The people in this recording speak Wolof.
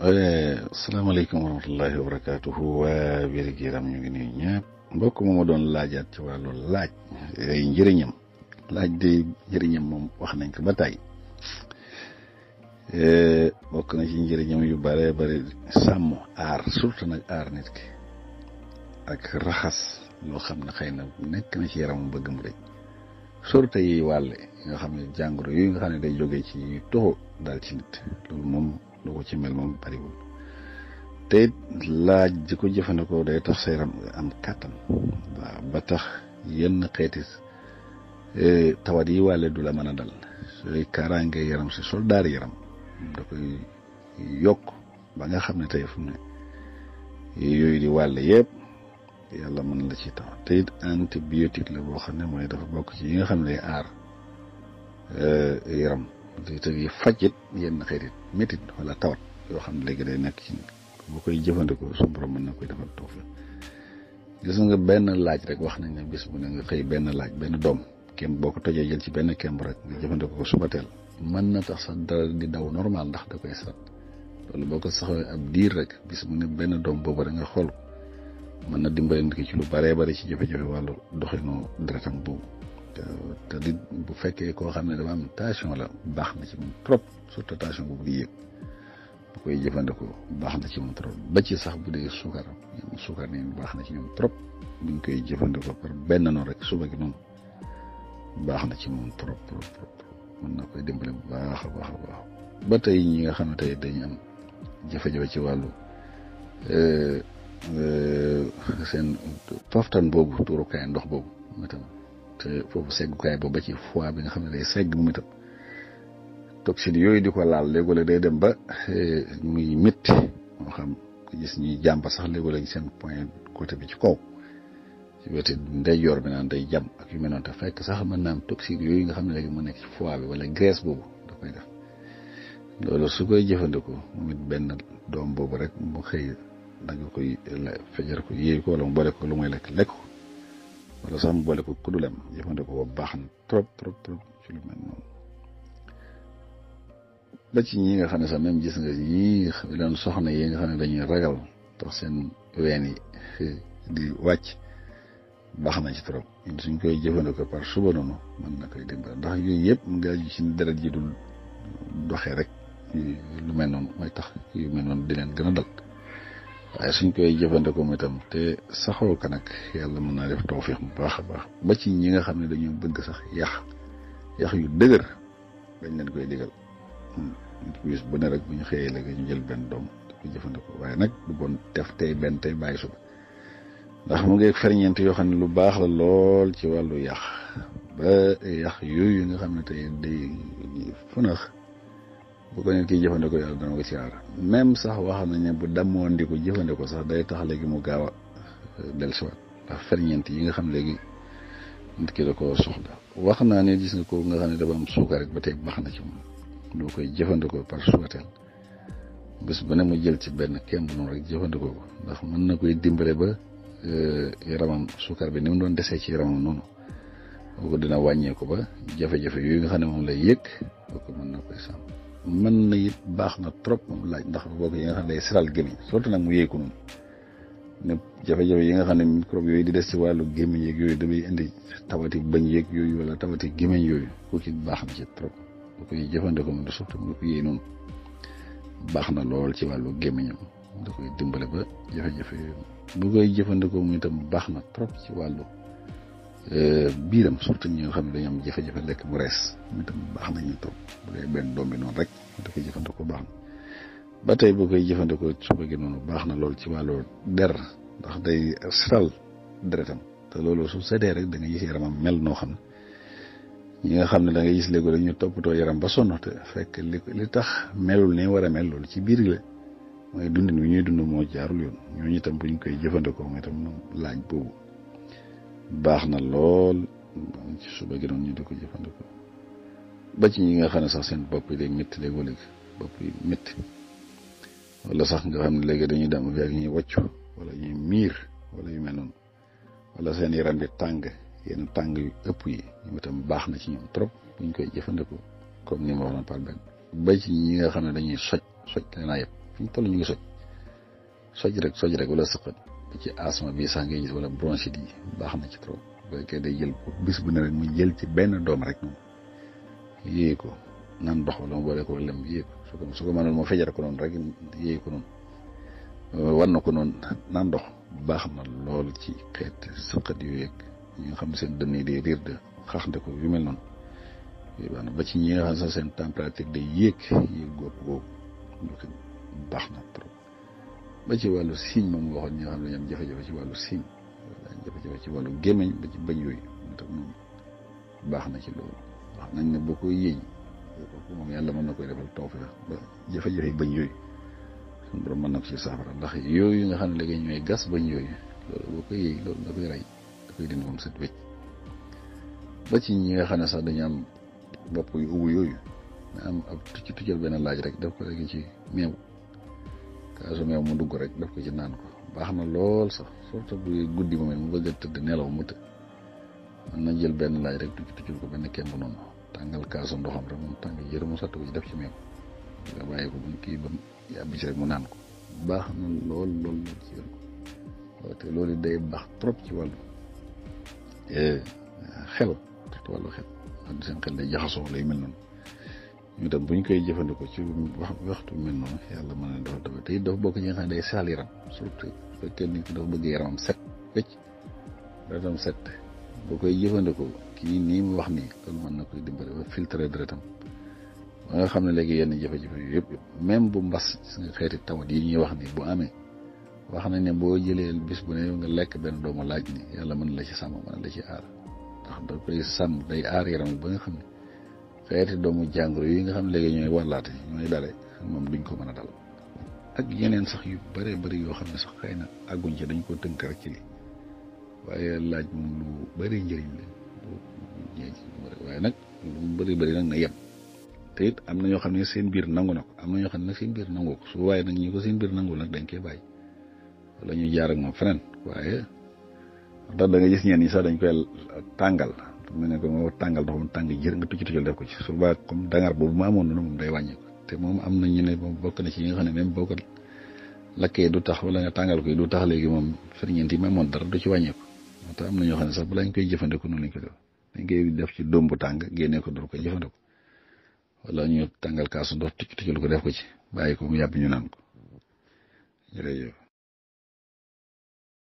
salaamaaleykum wa rahmatullahi wa barakaatuhu waa wér yaram ñu ngi nuyu ñëpp mbokk mooma doon laajaat ci wàllu laaj ay njëriñam laaj day njëriñam moom wax nañ ko ba tey bokk na ci njëriñam yu bare bare sàmm aar surtout nag aar nit ki ak raxas loo xam ne xëy na nekk na ci yaram bëgg mu dëj surtout yi wàlle nga xam ne jàngoro yu nga xam ne day jógee ci toxu daal ci nit loolu moom lu ko ci mel moom bariwul te laaj di ko jëfandikoo day tax sa yaram am kàttan ba tax yenn xeeti e, tawat yi wàlle du la mën a dal sooy kaaraange yaram si soldaar yaram da koy yokk ba nga xam ne tey fu mu ne yooyu di wàlle yëpp yàlla mën la ci taw te it la boo xam ne mooy dafa bokk ci yi nga xam ne aar e, yaram itam yi fajit yenn xerit metit wala tawat yo xam ne day nek ci bu koy jëfandikoo su borom mën na koy defal toof gis nga ben laaj rek wax nañ ne bis bu ne nga xey ben laaj ben dom kem boko ko jël ci ben kem rek nga jëfandikoo ko suba man na tax sa dara di daw normal ndax da koy sat lolu boko saxo ab dir rek bis bu ne ben dom boobu rek nga xol man na dimbalen ki ci lu bare bare ci jëfë jafe wàllu doxinu deretam boobu te di bu fekkee koo xam ne dafa am tension la baax na ci moom trop surtout tension bu bëgg yëg bu koy jëfandikoo baax na ci moom trop ba ci sax bu dee sukar ñoom sukar baax na ci ñoom trop bu ñu koy jëfandikoo par benn noonu rek suba gi noonu baax na ci moom na koy dimbale bu baax a baax baax ba tey ñi nga xam ne tey dañu am jafe-jafe ci wàllu euh, euh, seen poftan boobu tuurukaay ndox boobu. te foofu seggukaay boobu ba ci foie bi nga xam ne day segg mu itam toxine yooyu di ko laal léeg-léeg day dem ba eh, muy mit moo xam gis ñuy jàmp sax léeg-léeg seen point côté bi ci kaw ci wetu ndeyjoor bi naan day jam ak yu mel noonu te fekk sax mën naa am toxine yooyu nga xam ne léegi mu nekk ci foie bi wala graisse boobu da su koy jëfandiku moom it benn doom boobu rek mu xëy da nga koy ko yéey ko wala mu boole ko lu muy lek lekk wala sax mu boole ko dulem jëfandikoo ko baax na trop trop trop ci lu mel noonu ba ci ñi nga xam ne sax même gis nga ñii leen soxna yi nga xam ne dañuy ragal tax seen ween yi di wàcc baax na ci trop suñ koy jëfandikoo par suba noonu mën na koy dimbal ndax yooyu yëpp mu ngi ci deret ji dul doxee rek lu mel noonu mooy tax yu mel noonu di leen gën a dal waaye suñ koy jëfandikoo moom itam te saxoo ko nag yàlla mën naa def tawfiix bu baax a baax ba ci ñi nga xam ne dañoo bëgg sax yax yax yu dëgër dañ leen koy digal hmm. bu ne rek bu ñu xëyee léegi ñu jël benn doom di ko jëfandikoo waaye nag du def tey benn tey bàyyi suba ndax mu ngi ak ferñeent yoo xam ne lu baax la lool ci wàllu yax ba yax yooyu nga xam ne tey day funax bu ko nit kiy jëfandikoo yàlla dana ko ci aar même sax wax nañ ne bu dammoon di ko jëfandikoo sax day tax léegi mu gaaw a euh, dellusiwaat ndax ferñeent yi nga xam léegi nit ki da koo soxla wax naa ne gis nga ko nga xam ne dafa am suukar ba tey baax na ci moom doo koy jëfandikoo par suukatel bés ba ne mu jël ci benn kem rek jëfandikoo ko mën na koy dimbale ba euh, yaramam suukar bi ni doon desee ci yaramam noonu boo dina wàññeeku ba jafe-jafe yooyu nga xam ne moom lay yëg boo ko mën na koy sàmm mën na it baax na trop moom laaj ndax bokk yi nga xam ne day siral gémmiñ surtout nag mu yéeku noonu ne jafe-jafe yi nga xam ne microbe yooyu di des ci wàllu gémmiñ yeeg yooyu damay indi tawati bañ yeeg yooyu wala tawati gémmiñ yooyu kooku it baax na ci trop bu koy jëfandikoo moom surtout mu ko yéey noonu baax na lool ci wàllu gémmiñam da koy dimbale ba jafe-jafe yooyu bu koy jëfandikoo moom baax na trop ci wàllu Eh, biiram surtout ñi nga xam ne dañu am jafe-jafe lekk bu rees mi tam baax na ñu toog bu dee benn doom bi noonu rek da koy jëfandikoo baax na ba tey boo koy jëfandikoo su bëggee noonu baax na lool ci wàllu der ndax day siral deretam te loolu su sedee rek da nga gis yaramam mel noo xam ne ñi nga xam ne da nga gis léegi dañu toppatoo yaram ba sonn te fekk li li tax melul ne war a mel loolu ci biir la mooy dundin wi ñuy dund moo jaarul yoon ñooñu itam buñ koy jëfandikoo mooy itam laaj boobu baax na lool ci suba gi di ko jëfandikoo ba ci ñi nga xam ne sax seen bopp yi day métti léegoo léegi wala sax nga xam léegi dañuy dem fi ak ñuy wala ñuy miir wala yu mel noon wala seen yaram di tàng yenn tàng yu ëpp yi ñoom itam baax na ci ñoom trop buñ koy jëfandikoo comme ni ma waxoon par benn ba ci ñi nga xam ne dañuy soj soj lenaa yëpp fi ñu toll ñu soj soj rek soj rek wala sëqat ci asthme bi sax ngay gis wala bronchite yi baax na ci trop bu fekkee day jël bis bu ne rek mu jël ci benn doom rek moom yéey ko naan ndox wala mu boole ko lem yéey ko ko su ko mënoon ko noonu rek euh, war na ko noonu naan ndox baax na lool ci xeet sëqat yu yeeg ñi nga xam seen dënn yi day riir de xaaxante ko yu mel noonu yooyu ba ci ñi nga xam sax seen température day yéeg yéeg góob góob baax na trop ba ci walu siñ mom waxoon ñi nga xam ñam jafé jafé ci walu siñ jafé jafé ci walu gemeñ ba ci bañ yoy tak tax bax na ci loolu wax nañ ne boo koy yéeñ kooku moom yàlla mën na koy defal tawfeex ba jafé jafé bañ yoy sun borom man na ci safara ndax yi nga xam ne léegi ñooy gas bañ yoy loolu boo koy yéey loolu da koy ray da koy dindum set ba ci ñi nga xam sax dañu am bop yu ubu yoy am ab tucc tuccal benn laaj rek def ko léegi ci meew kaasu meew mu dugg rek def ko ci naan ko baax na lool sax surtout bu guddi moom mu bëgg a tëdd nelaw mu tëdd mën na jël benn laaj rek tucc tuccul ko benn kemb noonu tàngal kaasu ndoxam rek moom tàng jër mu sotti ko ci def ci meew nga bàyyi ko bu kii ba yàbbi ci rek mu naan ko baax na lool lool ci wér ko te loolu day baax trop ci wàllu eh, xel surtout wàllu xel seen xel day jaxasoo lay mel noonu ñu dem buñ koy jëfandikoo ci waxtu mel noonu yàlla mën na dafa dafa te dafa bokk ñi nga xam ne day saal yaram surtout fekkee nit ki dafa bëgg yaramam set wécc datam set boo koy jëfandikoo kii nii mu wax nii kon mën na koy dimbali ba filtre deretam ba nga xam ne léegi yenn jafe-jafe yëpp même bu mbas nga xeeti tawat yi ñuy wax nii bu amee wax bis bu ne nga lekk benn doomu laaj ni yàlla mën la ci sàmm mën la ci aar ndax da koy sàmm day aar yaram ba xeeti doomu jàngoro yi nga xam ne léegi ñooy warlaate ñooy dale moom duñ ko mën a dal ak yeneen sax yu bare bari yoo xam ne sax xëy na àgguñ ci dañ ko tënk rek ci li waaye laaj moom lu bëri njëriñ la waaye nag lu bëri bëri nag na yem te it am na ñoo xam ne seen biir nangu na ko am na ñoo xam ne nag seen biir nangu ko su waaye nag ñu ko seen biir nangu nag dañ koy bàyyi wala ñu jaar ak moom feneen waaye ndax da nga gis ñeen ñi sax dañ koy tàngal mu ne ko moo tàngal ndox jër nga tucc tuccal def ko ci su baa comme dangar boobu ma amoon noonu moom day wàññi ko te moom am na ñu bokk na ci nga xam ne même boo ko lakkee du tax wala nga tàngal ko du tax léegi moom ferñeent yi ma amoon dara du ci wàññeeku moo tax am na ñoo xam ne sax balaa ñu koy jëfandikoo noonu lañ ko def dañ koy def ci dóom bu tàng génnee ko door ko jëfandikoo wala ñu tàngal kaasu ndox tucc tuccal ko def ko ci bàyyi ko mu yàpp ñu naan ko